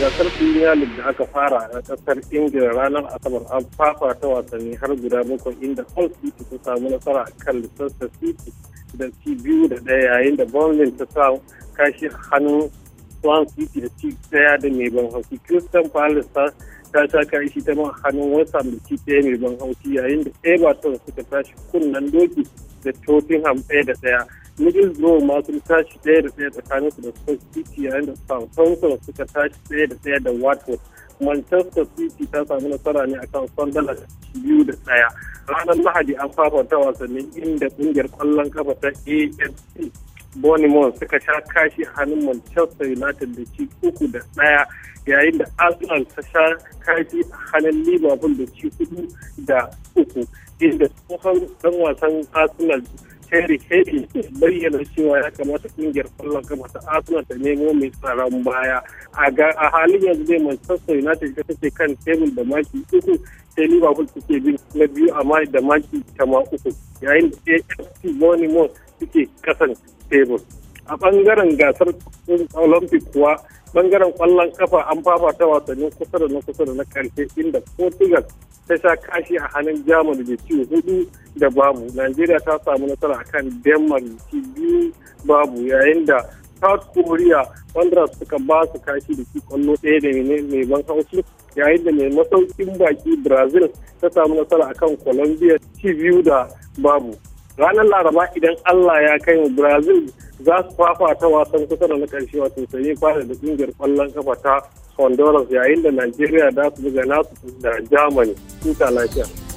gasar premier league da aka fara a kasar ingila ranar asabar an ta wasanni har guda bakwai inda hull city ta samu nasara a kan leicester city da ci biyu da ɗaya yayin da bournemouth ta sa kashi hannun swan city da ci ɗaya da mai ban haushi crystal palace ta sha kashi ta man hannun west ham da ci ɗaya mai ban haushi yayin da everton suka tashi kunnen doki da tottenham ɗaya da ɗaya middle blow ma sun tashi ɗaya da ɗaya tsakanin su da Stoke City yayin da Southampton suka tashi ɗaya da ɗaya da Watford Manchester City ta samu nasara ne akan Sunderland biyu da ɗaya ranar Lahadi an ta wasannin inda ƙungiyar ƙwallon kafa ta AFC Bournemouth suka sha kashi a hannun Manchester United da ci uku da ɗaya yayin da Arsenal ta sha kashi a hannun Liverpool da ci hudu da uku inda tsohon ɗan wasan Arsenal Terry Henry bayyana cewa ya kamata kungiyar kwallon kafa ta Arsenal ta nemo mai tsaron baya. A halin yanzu dai Manchester United ta take kan tebul da maki uku sai Liverpool suke bin na biyu amma da maki tama uku yayin da AFC Bournemouth suke kasan tebul. A bangaren gasar Olympic kuwa bangaren kwallon kafa an fafata wasannin kusa da na kusa da na karshe inda Portugal ta sha kashi a hannun Germany da ciwo hudu da babu najeriya ta samu nasara kan denmark ci biyu babu yayin da south korea wanda suka ba su kashi da ci kwallo ɗaya da mai ban haushi yayin da mai masaukin baki brazil ta samu nasara akan colombia ci biyu da babu ranar laraba idan allah ya kai brazil za su fafata wasan kusa da na ƙarshe wato sanyi fara da ƙungiyar kwallon kafa ta honduras yayin da najeriya za su buga nasu da germany tuta lafiya